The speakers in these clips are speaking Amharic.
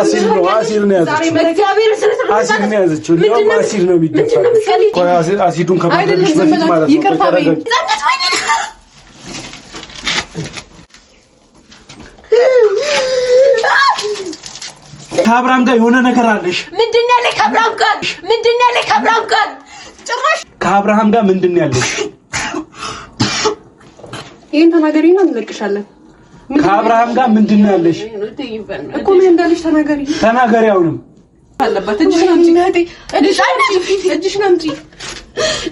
አሲድ ነው አሲድ ነው ያዘችው። አሲድ ነው ያዘችው። እንዲያውም አሲድ ነው የሚደፋ። አሲዱን ከማድረግሽ በፊት ማለት ነው። ከአብርሃም ጋር የሆነ ነገር አለሽ። ምንድን ነው ያለኝ? ጋር ምንድን ነው ያለኝ? ጋር ጭራሽ ከአብርሃም ጋር ምንድን ያለሽ? ይሄን ተናገሪና እንለቅሻለን። ከአብርሃም ጋር ምንድን ነው ያለሽ? እኮ ምን እንዳለሽ ተናገሪ፣ ተናገሪ። አሁንም አለበት እጅሽን አምጪ፣ እጅሽን አምጪ።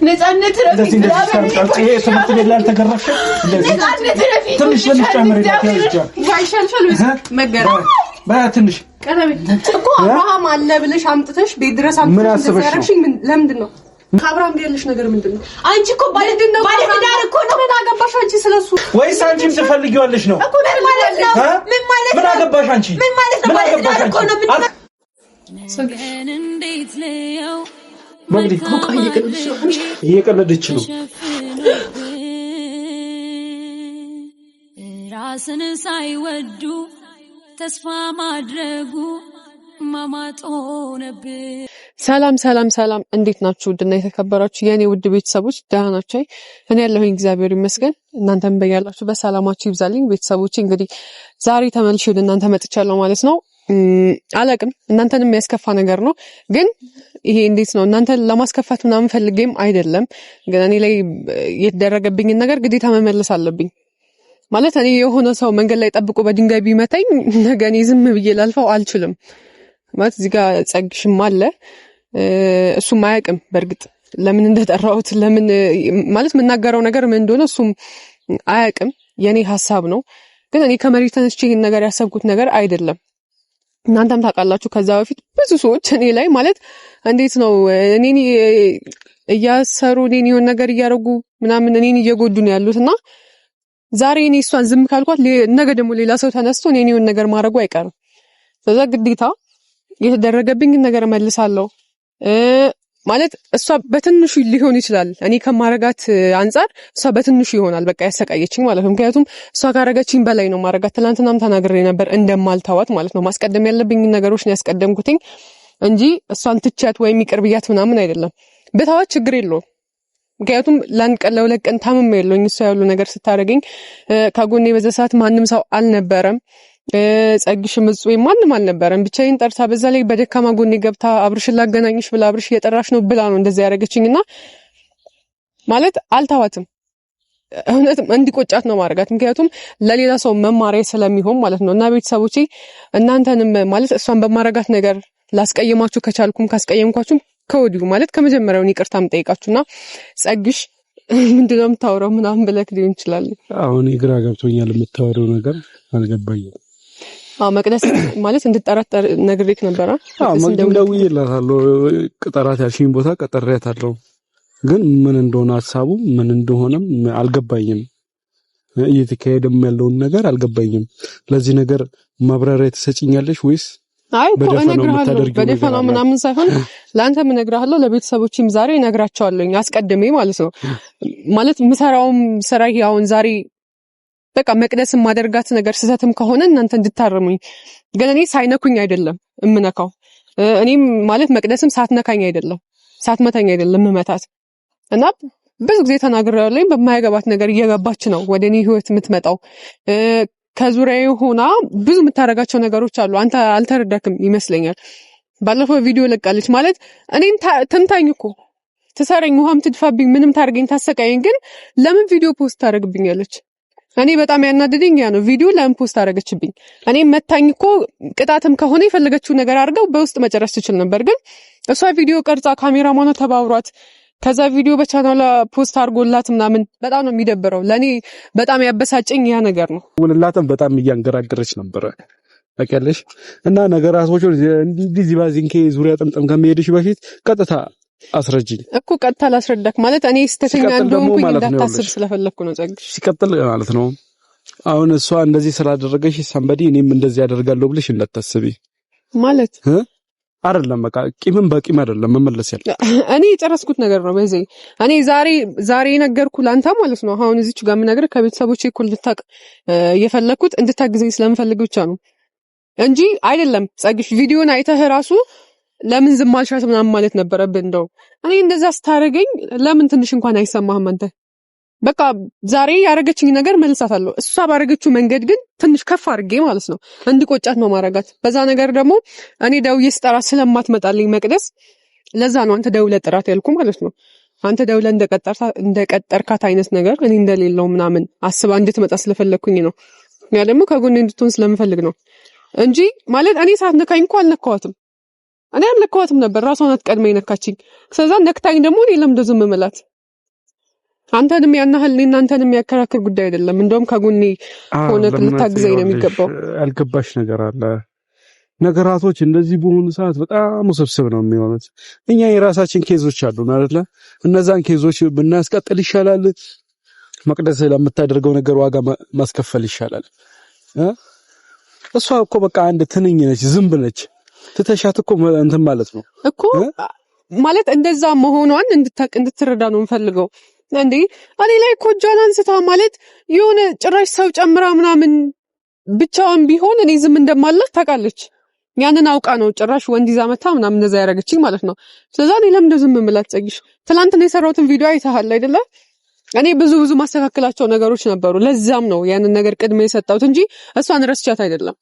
ነፃነት ረፊት ትምህርት ቤት ላልተገረፍሽ ትንሽ ትንሽ ጨምሪ ይሻልሻል። መገረፍ በትንሽ ቀረቤ እኮ አብርሃም አለ ብለሽ አምጥተሽ ቤት ድረስ አምጥተሽ ለምንድን ነው ከአብርሃም ጋር ያለሽ ነገር ምንድን ነው? አንቺ እኮ ባለ ትዳር እኮ ነው። ምን አገባሽ አንቺ ስለሱ? ወይስ አንቺም ትፈልጊዋለሽ ነው? ምን ማለት ነው? ምን ማለት ነው? ምን አገባሽ አንቺ? ምን ማለት ነው? ባለ ትዳር እኮ ነው። እየቀለደች ነው። ራስን ሳይወዱ ተስፋ ማድረጉ ማማጦ ነበር። ሰላም ሰላም ሰላም፣ እንዴት ናችሁ? ውድና የተከበራችሁ የእኔ ውድ ቤተሰቦች ደህና ናችሁ? እኔ ያለሁኝ እግዚአብሔር ይመስገን፣ እናንተም በያላችሁ በሰላማችሁ ይብዛልኝ። ቤተሰቦች እንግዲህ ዛሬ ተመልሼ ወደ እናንተ መጥቻለሁ ማለት ነው። አላቅም እናንተን የሚያስከፋ ነገር ነው፣ ግን ይሄ እንዴት ነው እናንተን ለማስከፋት ምናምን ፈልጌም አይደለም፣ ግን እኔ ላይ የተደረገብኝን ነገር ግዴታ መመለስ አለብኝ ማለት እኔ የሆነ ሰው መንገድ ላይ ጠብቆ በድንጋይ ቢመታኝ ነገ እኔ ዝም ብዬ ላልፈው አልችልም ማለት እዚህ ጋር ጸግሽም አለ እሱም አያውቅም። በእርግጥ ለምን እንደጠራሁት ለምን ማለት የምናገረው ነገር ምን እንደሆነ እሱም አያውቅም። የእኔ ሀሳብ ነው። ግን እኔ ከመሬት ተነስቼ ይህን ነገር ያሰብኩት ነገር አይደለም። እናንተም ታውቃላችሁ። ከዛ በፊት ብዙ ሰዎች እኔ ላይ ማለት እንዴት ነው እኔን እያሰሩ እኔን የሆን ነገር እያደረጉ ምናምን እኔን እየጎዱ ነው ያሉት እና ዛሬ እኔ እሷን ዝም ካልኳት ነገ ደግሞ ሌላ ሰው ተነስቶ እኔን የሆን ነገር ማድረጉ አይቀርም። ስለዚ ግዴታ የተደረገብኝን ነገር መልሳለሁ ማለት እሷ በትንሹ ሊሆን ይችላል። እኔ ከማረጋት አንጻር እሷ በትንሹ ይሆናል በቃ ያሰቃየችኝ ማለት ነው። ምክንያቱም እሷ ካረገችኝ በላይ ነው ማረጋት። ትናንትናም ተናግሬ ነበር እንደማልታዋት ማለት ነው። ማስቀደም ያለብኝ ነገሮች ነው ያስቀደምኩትኝ እንጂ እሷን ትቻት ወይም ይቅርብያት ምናምን አይደለም። ብታዋት ችግር የለውም። ምክንያቱም ለአንድ ቀን ለሁለት ቀን ታምም የለውኝ እሷ ያሉ ነገር ስታደርገኝ ከጎኔ በዛ ሰዓት ማንም ሰው አልነበረም። ጸግሽም ወይም ማንም አልነበረም። ብቻዬን ጠርታ በዛ ላይ በደካማ ጎኔ ገብታ አብርሽ ላገናኝሽ ብላ አብርሽ እየጠራሽ ነው ብላ ነው እንደዚያ ያደረገችኝ እና ማለት አልተዋትም። እውነትም እንዲቆጫት ነው ማድረጋት። ምክንያቱም ለሌላ ሰው መማሪያ ስለሚሆን ማለት ነው። እና ቤተሰቦቼ እናንተንም ማለት እሷን በማረጋት ነገር ላስቀየማችሁ ከቻልኩም ካስቀየምኳችሁም ከወዲሁ ማለት ከመጀመሪያውን ይቅርታ የምጠይቃችሁና ጸግሽ ምንድነው የምታወራው ምናምን ብለክ ሊሆን ይችላል። አሁን ግራ ገብቶኛል። የምታወራው ነገር አልገባኝም። አዎ መቅደስ ማለት እንድጠራጠር ነግሬክ ነበረ። አዎ መቅደም ደውዬላታለሁ። ቅጠራት ያልሽኝ ቦታ ቀጠሬያታለሁ፣ ግን ምን እንደሆነ ሀሳቡ ምን እንደሆነም አልገባኝም። እየተካሄደም ያለውን ነገር አልገባኝም። ለዚህ ነገር ማብራሪያ ተሰጭኛለሽ ወይስ? አይ በደፈናው ምናምን ሳይሆን ለአንተም እነግርሃለሁ፣ ለቤተሰቦችም ዛሬ እነግራቸዋለሁ፣ አስቀድሜ ማለት ነው። ማለት የምሰራውም ስራ አሁን ዛሬ በቃ መቅደስ ማደርጋት ነገር ስህተትም ከሆነ እናንተ እንድታረሙኝ፣ ግን እኔ ሳይነኩኝ አይደለም እምነካው። እኔም ማለት መቅደስም ሳትነካኝ አይደለም ሳትመታኝ አይደለም እመታት እና ብዙ ጊዜ ተናግሬያለሁ። በማያገባት ነገር እየገባች ነው ወደ እኔ ህይወት የምትመጣው። ከዙሪያዬ ሆና ብዙ የምታደርጋቸው ነገሮች አሉ። አንተ አልተረዳክም ይመስለኛል። ባለፈው ቪዲዮ ለቃለች ማለት እኔም ትምታኝ እኮ ትሰረኝ፣ ውሃም ትድፋብኝ፣ ምንም ታደርገኝ፣ ታሰቃየኝ። ግን ለምን ቪዲዮ ፖስት ታደርግብኛለች? እኔ በጣም ያናደደኝ ያ ነው። ቪዲዮ ለምን ፖስት አደረገችብኝ? እኔ መታኝ እኮ ቅጣትም ከሆነ የፈለገችው ነገር አድርገው በውስጥ መጨረስ ትችል ነበር። ግን እሷ ቪዲዮ ቀርጻ ካሜራ ማኗ ተባብሯት ከዛ ቪዲዮ በቻናሏ ፖስት አድርጎላት ምናምን በጣም ነው የሚደብረው። ለእኔ በጣም ያበሳጨኝ ያ ነገር ነው። ውንላትም በጣም እያንገራገረች ነበረ ታውቂያለሽ። እና ነገራቶች እንዲህ ባዚንኬ ዙሪያ ጥምጥም ከመሄድሽ በፊት ቀጥታ አስረጂ እኮ ቀጥታ ላስረዳክ ማለት እኔ ስተተኛ እንደሆንኩኝ እንዳታስብ ስለፈለግኩ ነው። ጸግ ሲቀጥል ማለት ነው አሁን እሷ እንደዚህ ስላደረገሽ ሰንበዲ እኔም እንደዚህ ያደርጋለሁ ብለሽ እንዳታስቢ ማለት አይደለም። በቃ ቂምን በቂም አይደለም መመለስ ያለ እኔ የጨረስኩት ነገር ነው። በዚህ እኔ ዛሬ ዛሬ የነገርኩ ለአንተ ማለት ነው። አሁን እዚች ጋር የምነግር ከቤተሰቦቼ እኮ እንድታቅ የፈለግኩት እንድታግዘኝ ስለምፈልግ ብቻ ነው እንጂ አይደለም። ጸግሽ ቪዲዮን አይተህ ራሱ ለምን ዝም አልሻት ምናምን ማለት ነበረብን። እንደው እኔ እንደዛ ስታደርገኝ ለምን ትንሽ እንኳን አይሰማህም አንተ? በቃ ዛሬ ያደረገችኝ ነገር መልሳታለሁ። እሷ ባደረገችው መንገድ ግን ትንሽ ከፍ አድርጌ ማለት ነው እንድቆጫት ነው ማረጋት። በዛ ነገር ደግሞ እኔ ደውዬ ስጠራ ስለማትመጣልኝ መቅደስ፣ ለዛ ነው አንተ ደው ጥራት ያልኩ ማለት ነው። አንተ ደውለህ እንደቀጠርካት አይነት ነገር እኔ እንደሌለው ምናምን አስባ እንድትመጣ ስለፈለግኩኝ ነው። ያ ደግሞ ከጎን እንድትሆን ስለምፈልግ ነው እንጂ ማለት እኔ ሳትነካኝ እንኳ አልነካዋትም። እኔ አልነካኋትም ነበር። ራሷ ናት ቀድማ የነካችኝ። ስለዛ ነክታኝ ደግሞ እኔ ለምደ ዝም ምላት። አንተንም ያናህል እናንተን የሚያከራክር ጉዳይ አይደለም። እንደውም ከጎኔ ሆነ ልታግዘኝ ነው የሚገባው። ያልገባሽ ነገር አለ። ነገራቶች እንደዚህ በሆኑ ሰዓት በጣም ውስብስብ ነው የሚሆኑት። እኛ የራሳችን ኬዞች አሉ ማለት ነው። እነዛን ኬዞች ብናስቀጥል ይሻላል። መቅደስ ለምታደርገው ነገር ዋጋ ማስከፈል ይሻላል። እሷ እኮ በቃ አንድ ትንኝ ነች፣ ዝንብ ነች። ትተሻት እኮ እንትን ማለት ነው እኮ ማለት እንደዛ መሆኗን እንድታቅ እንድትረዳ ነው የምፈልገው። እንዴ እኔ ላይ እኮ እጇን አንስታ ማለት የሆነ ጭራሽ ሰው ጨምራ ምናምን ብቻዋን ቢሆን እኔ ዝም እንደማላት ታውቃለች። ያንን አውቃ ነው ጭራሽ ወንድ ይዛ መታ ምናምን እንደዛ ያደረገችኝ ማለት ነው። ስለዛ እኔ ለምን ዝም የምላት? ጸጊሽ ትላንትና የሰራሁትን ቪዲዮ አይተሃል አይደለ? እኔ ብዙ ብዙ ማስተካከላቸው ነገሮች ነበሩ። ለዛም ነው ያንን ነገር ቅድሜ የሰጠሁት እንጂ እሷን ረስቻት አይደለም።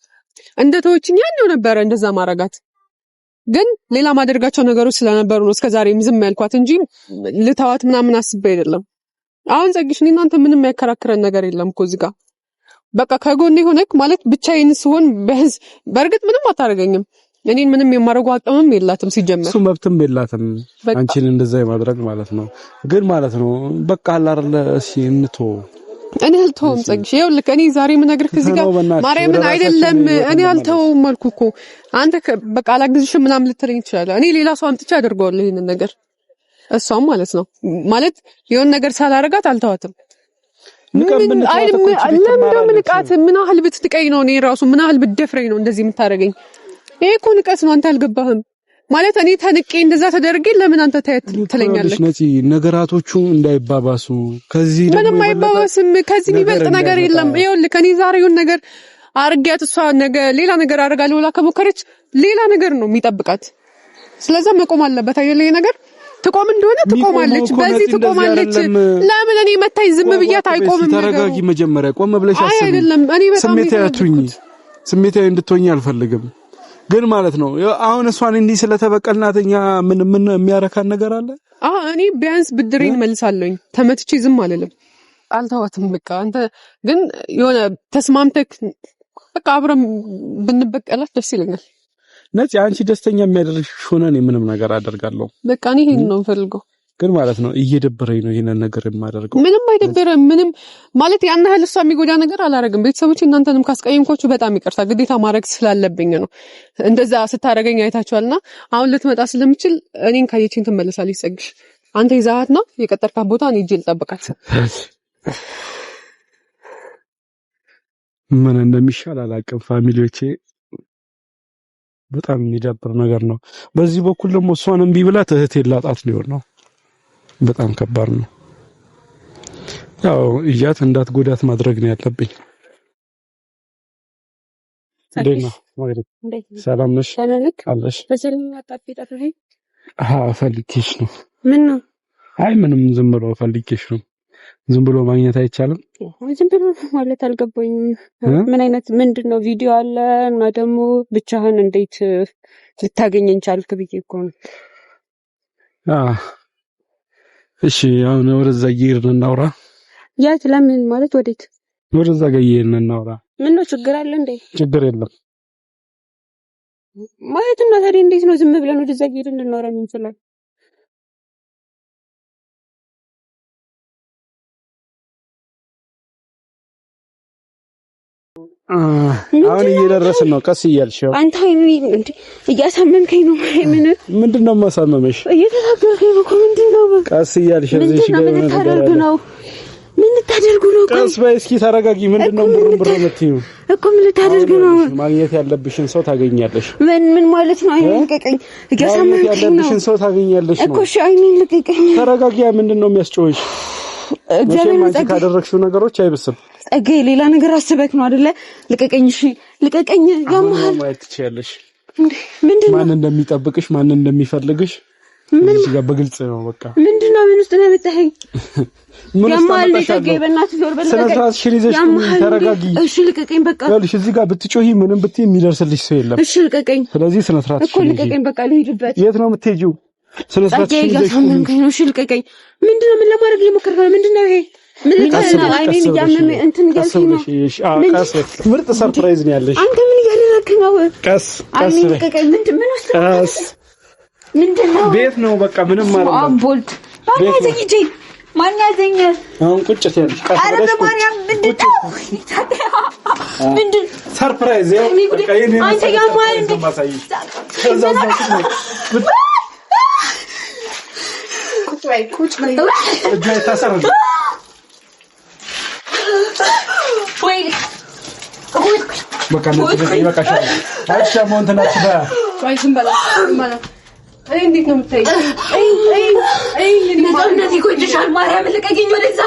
እንደ ተወችኝ ያኔው ነበረ እንደዛ ማረጋት ግን ሌላ ማደርጋቸው ነገሮች ስለነበሩ ነው እስከዛሬም ዝም ያልኳት እንጂ ልተዋት ምናምን አስቤ አይደለም። አሁን ጸግሽ፣ እኔ እናንተ ምንም ያከራክረን ነገር የለም እኮ እዚህ ጋር በቃ ከጎን ሆነክ ማለት ብቻዬን ስሆን በህዝ በእርግጥ ምንም አታደርገኝም። እኔን ምንም የማደርጉ አቅምም የላትም ሲጀመር እሱ መብትም የላትም አንቺን እንደዛ የማድረግ ማለት ነው። ግን ማለት ነው በቃ አላርለ እስኪ እንቶ እኔ አልተውም ጸግሽ፣ ይኸውልህ እኔ ዛሬ የምነግርህ ከዚህ ጋር ማርያምን አይደለም። እኔ አልተውም አልኩ እኮ አንተ በቃ አላግዝሽም ምናምን ልትለኝ ትችላለህ። እኔ ሌላ ሰው አምጥቼ አደርገዋለሁ ይህንን ነገር፣ እሷም ማለት ነው ማለት የሆን ነገር ሳላረጋት አልተዋትም። ለምን ምንቃት ምን ያህል ብትንቀኝ ነው እኔ ራሱ ምን ያህል ብትደፍረኝ ነው እንደዚህ የምታደርገኝ? ይሄ እኮ ንቀት ነው። አንተ አልገባህም ማለት እኔ ተንቄ እንደዛ ተደርጌ ለምን አንተ ታየት ትለኛለህ? ነገራቶቹ እንዳይባባሱ ከዚህ ምንም አይባባስም። ከዚህ የሚበልጥ ነገር የለም። ይኸውልህ እኔ ዛሬውን ነገር አርጊያት እሷ ነገ ሌላ ነገር አድርጋለሁ ብላ ከሞከረች ሌላ ነገር ነው የሚጠብቃት። ስለዛ መቆም አለበት አይደል? ይሄ ነገር ትቆም እንደሆነ ትቆማለች፣ በዚህ ትቆማለች። ለምን እኔ መታኝ ዝም ብያት አይቆምም። ተረጋጊ መጀመሪያ፣ ቆም ብለሽ አስቢ። አይደለም እኔ በጣም ስሜታዊ እንድትሆኝ አልፈልግም። ግን ማለት ነው አሁን እሷን እንዲህ ስለተበቀልናት እኛ ምን ምን የሚያረካን ነገር አለ? አዎ እኔ ቢያንስ ብድሬን መልሳለኝ። ተመትቼ ዝም አልልም፣ አልተዋትም። በቃ አንተ ግን የሆነ ተስማምተክ በቃ አብረን ብንበቀላት ደስ ይለኛል። ነፂ፣ አንቺ ደስተኛ የሚያደርግሽ ሆነ እኔ ምንም ነገር አደርጋለሁ። በቃ እኔ ይሄን ነው ፈልገው ግን ማለት ነው እየደበረኝ ነው ይሄንን ነገር የማደርገው። ምንም አይደበረም። ምንም ማለት ያን ያህል እሷ የሚጎዳ ነገር አላደርግም። ቤተሰቦች እናንተንም ካስቀየምኳችሁ በጣም ይቅርታ፣ ግዴታ ማድረግ ስላለብኝ ነው። እንደዛ ስታደርገኝ አይታችኋልና አሁን ልትመጣ ስለምችል እኔን ካየችኝ ትመለሳለች። ይጸግሽ አንተ ይዛሀት ነው የቀጠርካት ቦታ እኔ እጄ ልጠብቃት። ምን እንደሚሻል አላቅም። ፋሚሊዎቼ በጣም የሚደብር ነገር ነው። በዚህ በኩል ደግሞ እሷን እምቢ ብላት እህቴ ላጣት ሊሆን ነው። በጣም ከባድ ነው። ያው እያት እንዳት ጉዳት ማድረግ ነው ያለብኝ። ሰላም ነሽ? አለሽ ፈልጌሽ ነው። ምን ነው? አይ ምንም ዝም ብሎ ፈልጌሽ ነው። ዝም ብሎ ማግኘት አይቻልም። ዝም ብሎ ማለት አልገባኝም። ምን አይነት ምንድን ነው ቪዲዮ አለ እና ደግሞ ብቻህን እንዴት ልታገኘን ቻልክ ብዬ እኮ ነው። እሺ አሁን ወደዛ እየሄድን እናውራ። የት? ለምን ማለት ወዴት? ወደዛ ጋር እየሄድን እናውራ። ምን ነው ችግር አለ እንዴ? ችግር የለም ማለት እና ታዲያ እንዴት ነው ዝም ብለን ወደዛ እየሄድን ይችላል? አ አሁን እየደረስን ነው። ቀስ እያልሽ አንተ እያሳመምከኝ ነው። ምን ምንድን ነው ማሳመመሽ? እየተናገርከኝ ነው። ምንድን ነው ቀስ እያልሽ እዚህ ነው። ምን ታደርጉ ነው? ምን ልታደርጉ ነው? ቀስ በይ እስኪ ተረጋጊ። ምንድን ነው ብሩን ብሩን የምትይው እኮ? ምን ልታደርጉ ነው? ማግኘት ያለብሽን ሰው ታገኛለሽ። ምን ምን ማለት ነው? አይኔን ልቀቀኝ። እያሳመምከኝ ነው። ያለብሽን ሰው ታገኛለሽ እኮ። እሺ አይኔን ልቀቀኝ። ተረጋጊ። ምንድን ነው የሚያስጨውሽ? እግዚአብሔር ይመስገን ካደረግሽው ነገሮች አይብስም። ጸጌ፣ ሌላ ነገር አስበክ ነው አይደለ? ልቀቀኝ፣ እሺ ልቀቀኝ። ያማሃል ማየት ትችያለሽ። ምንድን ማን እንደሚጠብቅሽ ማን እንደሚፈልግሽ ጋር በግልጽ ነው። በቃ ምንድን ነው ምን ውስጥ ነው የምትሄኝ? ያማሃል ጸጌ፣ በእናትህ ዞር በል። ስነስርዓት ተረጋጊ። እሺ ልቀቀኝ፣ በቃ ልሽ። እዚህ ጋር ብትጮሂ ምንም ብትይ የሚደርስልሽ ሰው የለም። እሺ ልቀቀኝ። ስለዚህ ስነስርዓት እኮ ልቀቀኝ፣ በቃ ልሄድበት። የት ነው የምትሄጂው? ስነስርዓት ሽሪዘሽ ልቀቀኝ። ምንድን ነው ምን ለማድረግ እየሞከርክ ነው? ምንድን ነው ይሄ? ምን ምርጥ ሰርፕራይዝ ነው ያለሽ። አንተ ምን እያደረክ ነው? ቀስ ቀስ ቤት ነው በቃ ምንም ማለት ነው። በቃ ነው ይበቃሻል። አይቻ ሞንተና ጽፋ ቆይ ዝም በላ ማለት እኔ እንዴት ነው የምታይኝ? አይ አይ አይ ምን ማርያም ልቀቂኝ ወደዛ።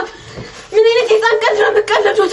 ምን አይነት የጻንቀት ነው የምትቀለዱት?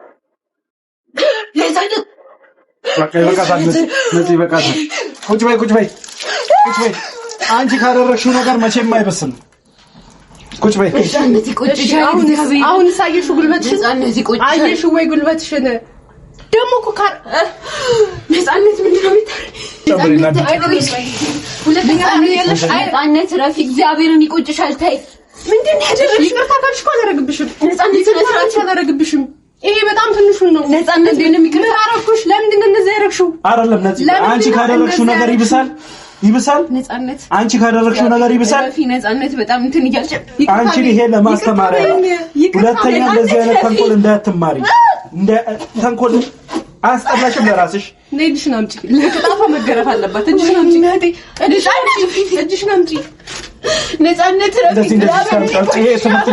በቃ ይበቃታል። ይበቃታል። ቁጭ በይ ቁጭ በይ ቁጭ በይ። አንቺ ካደረግሽው ነገር መቼም አይበስም። ቁጭ በይ። አሁን ሳየሽው ጉልበትሽን አየሽው ወይ ጉልበትሽን ደግሞ እኮ ካር ነፃነት ነፃነት ረፊ እግዚአብሔርን ይቆጭሻል። ታይ ምንድን ነው ያደረግሽ? ይቅርታ ካልሽ እኮ አላደርግብሽም። ነፃነት ረፊ አላደርግብሽም ይሄ በጣም ትንሹ ነው። ነፃነት ግን የሚቀር አረኩሽ። ለምንድን ነው እንደዚህ ያደረግሽው? አይደለም ነፂ፣ አንቺ ካደረግሽው ነገር ይብሳል ይብሳል። ነፃነት፣ አንቺ ካደረግሽው ነገር ይብሳል። ፊ ነፃነት፣ በጣም እንትን እያልሽ አንቺ ይሄ ለማስተማር ሁለተኛ እንደዚህ አይነት ተንኮል እንዳትማሪ። እንደ ተንኮል አስጠላሽም ለራስሽ። እጅሽን አምጪ፣ ለቅጣቷ መገረፍ አለባት። እጅሽን አምጪ፣ እጅሽን አምጪ፣ ነይ፣ እጅሽን አምጪ። ለቅጣቷ መገረፍ አለባት። እጅሽን አምጪ፣ እጅሽን አምጪ፣ እጅሽን አምጪ ነፃነት ረፊት ነፃነት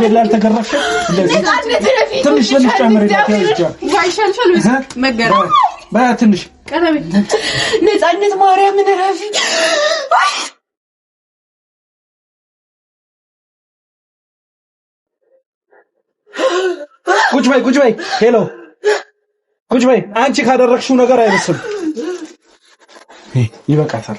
ማርያምን ረፊት ቁጭ በይ ቁጭ በይ ሄሎ ቁጭ በይ አንቺ ካደረግሽው ነገር አይመስልም ይበቃታል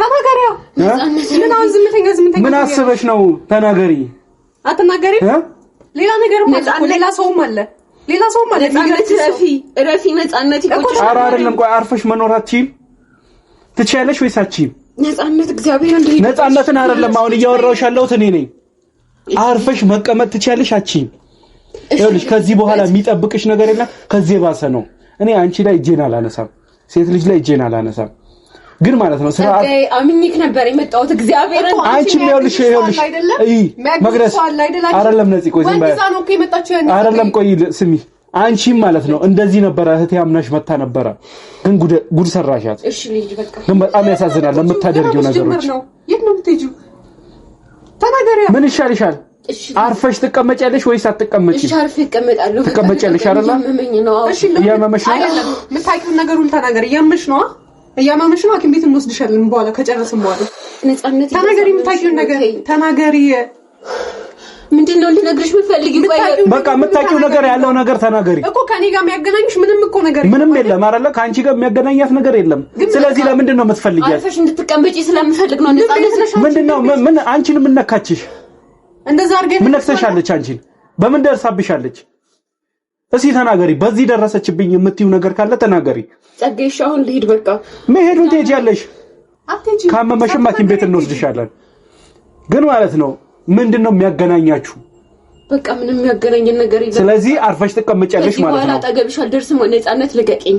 ተናገሪው። ምን አሁን ዝምተኛ ዝምተኛ ምን አስበሽ ነው? ተናገሪ። አትናገሪ። ሌላ ነገር ሌላ ሰውም አለ ሌላ ሰውም አለ። ረፊ ረፊ ነፃነት ይቆጭሽ። ኧረ አይደለም። ቆይ አርፈሽ መኖር አትችይም? ትችያለሽ ወይስ አትችይም? ነፃነት እግዚአብሔር እንደ ነፃነትን አይደለም አሁን እያወራሁሽ ያለሁት እኔ ነኝ። አርፈሽ መቀመጥ ትችያለሽ አትችይም? ይኸውልሽ ከዚህ በኋላ የሚጠብቅሽ ነገር የለም። ከዚህ የባሰ ነው። እኔ አንቺ ላይ እጄን አላነሳም። ሴት ልጅ ላይ እጄን አላነሳም። ግን ማለት ነው ስራ አምኝክ ነበር የመጣሁት እግዚአብሔር አንቺ ይኸውልሽ ይኸውልሽ መቅደስ አይደለም ነፂ ቆይ አይደለም ቆይ ስሚ አንቺም ማለት ነው እንደዚህ ነበረ እህቴ አምናሽ መታ ነበረ ግን ጉድ ሰራሻት ግን በጣም ያሳዝናል ለምታደርጊው ነገሮች ምን ይሻልሻል አርፈሽ ትቀመጫለሽ ወይስ አትቀመጪም? እሺ አርፌ እቀመጣለሁ። ትቀመጫለሽ አይደል? እሺ የመመሽ ነው። የምታውቂውን ነገር ሁሉ ተናገር። የምሽ ነው እያማመሽ ነው። ሐኪም ቤት እንወስድሻለን በኋላ ከጨረስም በኋላ ነጻነት ተናገሪ፣ የምታውቂውን ነገር ተናገሪ። ምንድን ነው ልነግርሽ የምትፈልጊው? በቃ የምታውቂው ነገር ያለው ነገር ተናገሪ እኮ። ከኔ ጋር የሚያገናኝሽ ምንም እኮ ነገር ምንም የለም አይደለ? ከአንቺ ጋር የሚያገናኛት ነገር የለም። ስለዚህ ለምንድን ነው የምትፈልጊያት? አርፈሽ እንድትቀመጪ ስለምፈልግ ነው። ነጻነት ምንድን ነው ምን አንቺን የምነካችሽ? እንደዛ አድርገሽ ምን ነክሰሻለች? አንቺን በምን ደርሳብሻለች? እስኪ ተናገሪ። በዚህ ደረሰችብኝ የምትዩ ነገር ካለ ተናገሪ። ጸጌሽ አሁን ልሂድ። በቃ መሄዱን ትሄጃለሽ። ካመመሽም ሐኪም ቤት እንወስድሻለን። ግን ማለት ነው ምንድን ነው የሚያገናኛችሁ? በቃ ምንም የሚያገናኘን ነገር የለም። ስለዚህ አርፈሽ ተቀመጫለሽ ማለት ነው። አጠገብሽ አልደርስም። ነፃነት ልቀቂኝ።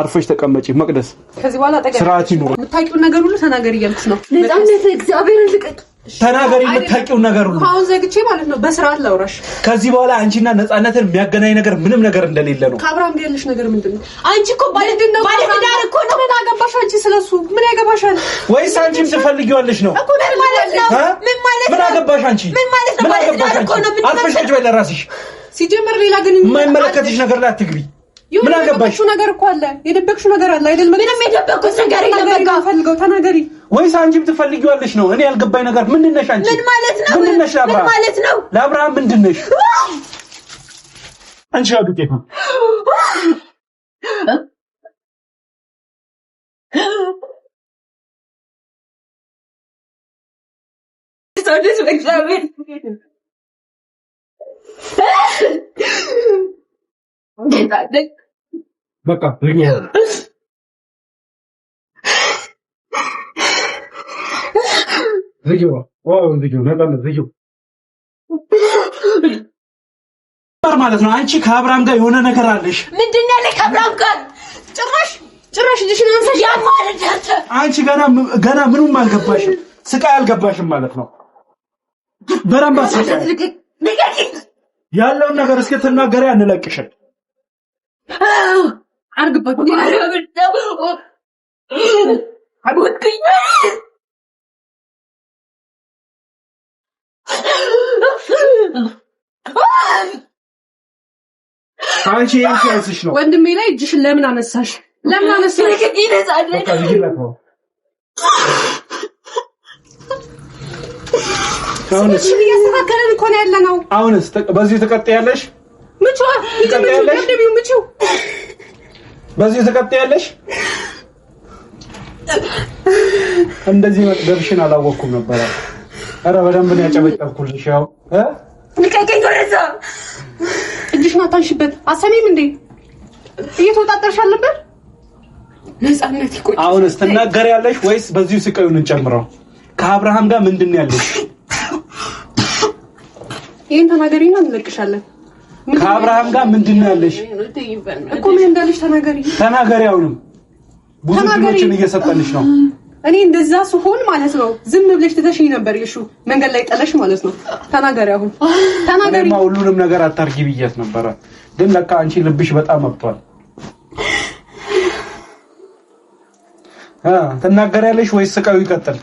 አርፈሽ ተቀመጪ መቅደስ። ከዚህ በኋላ አጠገብሽ ስርዓት ይኑር። የምታውቂውን ነገር ሁሉ ተናገሪ እያልኩሽ ነው። ነፃነት እግዚአብሔርን ልቀቂ ተናገሪ የምታውቂው ነገር ሁሉ አሁን ዘግቼ ማለት ነው። በስርዓት ላውራሽ። ከዚህ በኋላ አንቺና ነፃነትን የሚያገናኝ ነገር ምንም ነገር እንደሌለ ነው። ከአብርሃም ጋር ያለሽ ነገር ምንድን ነው? አንቺ እኮ ነው ባለትዳር እኮ ነው። ምን አገባሽ አንቺ ስለሱ? ምን ያገባሻል? ወይስ አንቺም ትፈልጊዋለሽ ነው? ምን ማለት ነው? ምን ማለት ነው? ምን አገባሽ አንቺ? ምን ማለት ነው? ባለትዳር እኮ ነው። ምን አርፈሽ ቁጭ በይ ለራስሽ። ሲጀምር ሌላ ግን የማይመለከትሽ ነገር ላይ አትግቢ። ምን አገባሽ? ነገር እኮ አለ፣ የደበቅሽው ነገር አለ አይደል? ምንም የደበቅኩት ነገር የለም። በቃ ፈልገው ተናገሪ ወይስ አንቺም ትፈልጊዋለሽ ነው? እኔ ያልገባኝ ነገር ምንድን ነሽ አንቺ? ምን ማለት ነው? ምንድን ነሽ ለአብርሃም? ለአብርሃም ምንድን ነሽ አንቺ? ያዱቄት ነው በቃ ዝጊው ዋው ዝጊው ነበር ዝጊው ማለት ነው። አንቺ ከአብርሃም ጋር የሆነ ነገር አለሽ። ምንድን ነው ያለኝ ከአብርሃም ጋር? ጭራሽ ጭራሽ ልጅሽን አንሰሽ ያማረዳተ አንቺ ገና ገና ምኑም አልገባሽም፣ ስቃይ አልገባሽም ማለት ነው። በደንብ አሰቃይ ያለውን ነገር እስከ ትናገሪ አንለቅሽም። አርግባት አንቺ ያንቺ ነው ወንድሜ ላይ እጅሽን ለምን አነሳሽ? ለምን አነሳሽ? እያስተካከለን እኮ ነው ያለ ነው። አሁንስ በዚህ ትቀጥያለሽ? በዚህ ትቀጥያለሽ? እንደዚህ መጥገብሽን አላወቅኩም ነበረ። ኧረ በደንብ ነው ያጨበጨብኩልሽ። ያው ልቀቀኝ፣ ወደዛ እጅሽ ናታንሽበት አሰሚም እንዴ እየተወጣጠርሽ አልነበር? ነፃነት ይቆይ። አሁንስ ትናገሪያለሽ ወይስ በዚሁ ስቃዩን እንጨምረው? ከአብርሃም ጋር ምንድን ነው ያለሽ? ይሄን ተናገሪና እንለቅሻለን። ከአብርሃም ጋር ምንድን ነው ያለሽ እኮ ምን እንዳለሽ ተናገሪ፣ ተናገሪ። አሁንም ብዙ እድሎችን እየሰጠንሽ ነው እኔ እንደዛ ስሆን ማለት ነው ዝም ብለሽ ትተሽኝ ነበር። ይሹ መንገድ ላይ ጠለሽ ማለት ነው። ተናገሪ፣ አሁን ተናገሪ። ሁሉንም ነገር አታርጊ ብያት ነበረ፣ ግን ለካ አንቺ ልብሽ በጣም መብቷል። ትናገሪያለሽ ወይስ ስቃዩ ይቀጥል?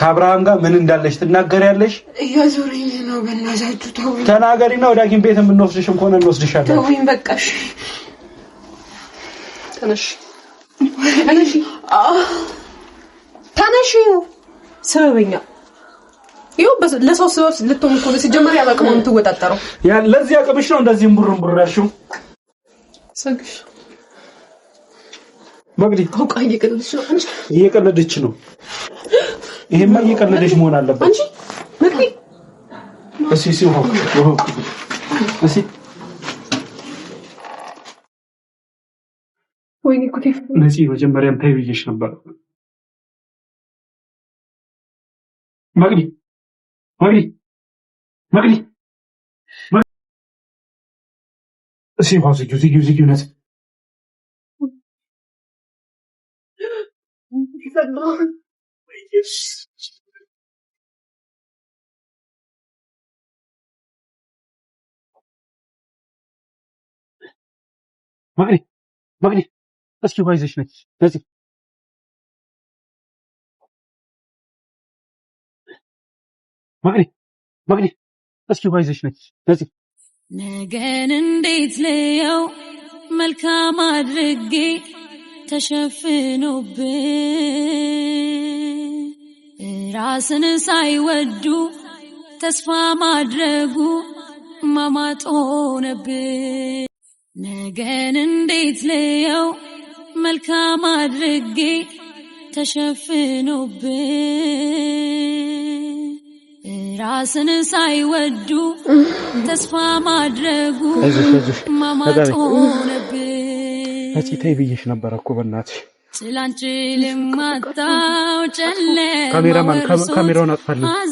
ከአብርሃም ጋር ምን እንዳለሽ ትናገሪያለሽ? እያዞረኝ ነው። በእናታችሁ ተውኝ። ተናገሪና ወደ ሐኪም ቤት የምንወስድሽም ከሆነ እንወስድሻለን። ተውኝ፣ በቃሽ። ተነሽ ተነሺ ስበበኛ ይኸው ለሰው ስበብ ልትሆን እኮ ሲጀመር የምትወጣጠረው ለዚህ አቅምሽ ነው እንደዚህ እምቡር እምቡር እየቀለደች ነው አንቺ እየቀለደች ነው ይሄማ እየቀለደች መሆን አለበት አንቺ መግዲ እሺ እሺ እሺ ወይኔ እኮ ቴፍ ነፂ መጀመሪያም ተይ ብዬሽ ነበር። መቅዲ መቅዲ መቅዲ እስኪ ኳስጁ ዝጊ ዝጊ ነት መቅዲ መቅዲ እስኪ ባይዘሽ ነች ነፂ ማግኔ ማግኔ እስኪ ባይዘሽ ነች ነፂ ነገን እንዴት ለየው መልካም አድርጌ ተሸፍኖብን ራስን ሳይወዱ ተስፋ ማድረጉ ማማጦ ሆነብን። ነገን እንዴት ለየው መልካም አድርጌ ተሸፍኖብን ራስን ሳይወዱ ተስፋ ማድረጉ ማማጥ ሆነብን። ተይ ብዬሽ ነበረ እኮ በእናትሽ። ጭላንጭል ማጣው ጨለማ ካሜራውን አጥፋልኝ።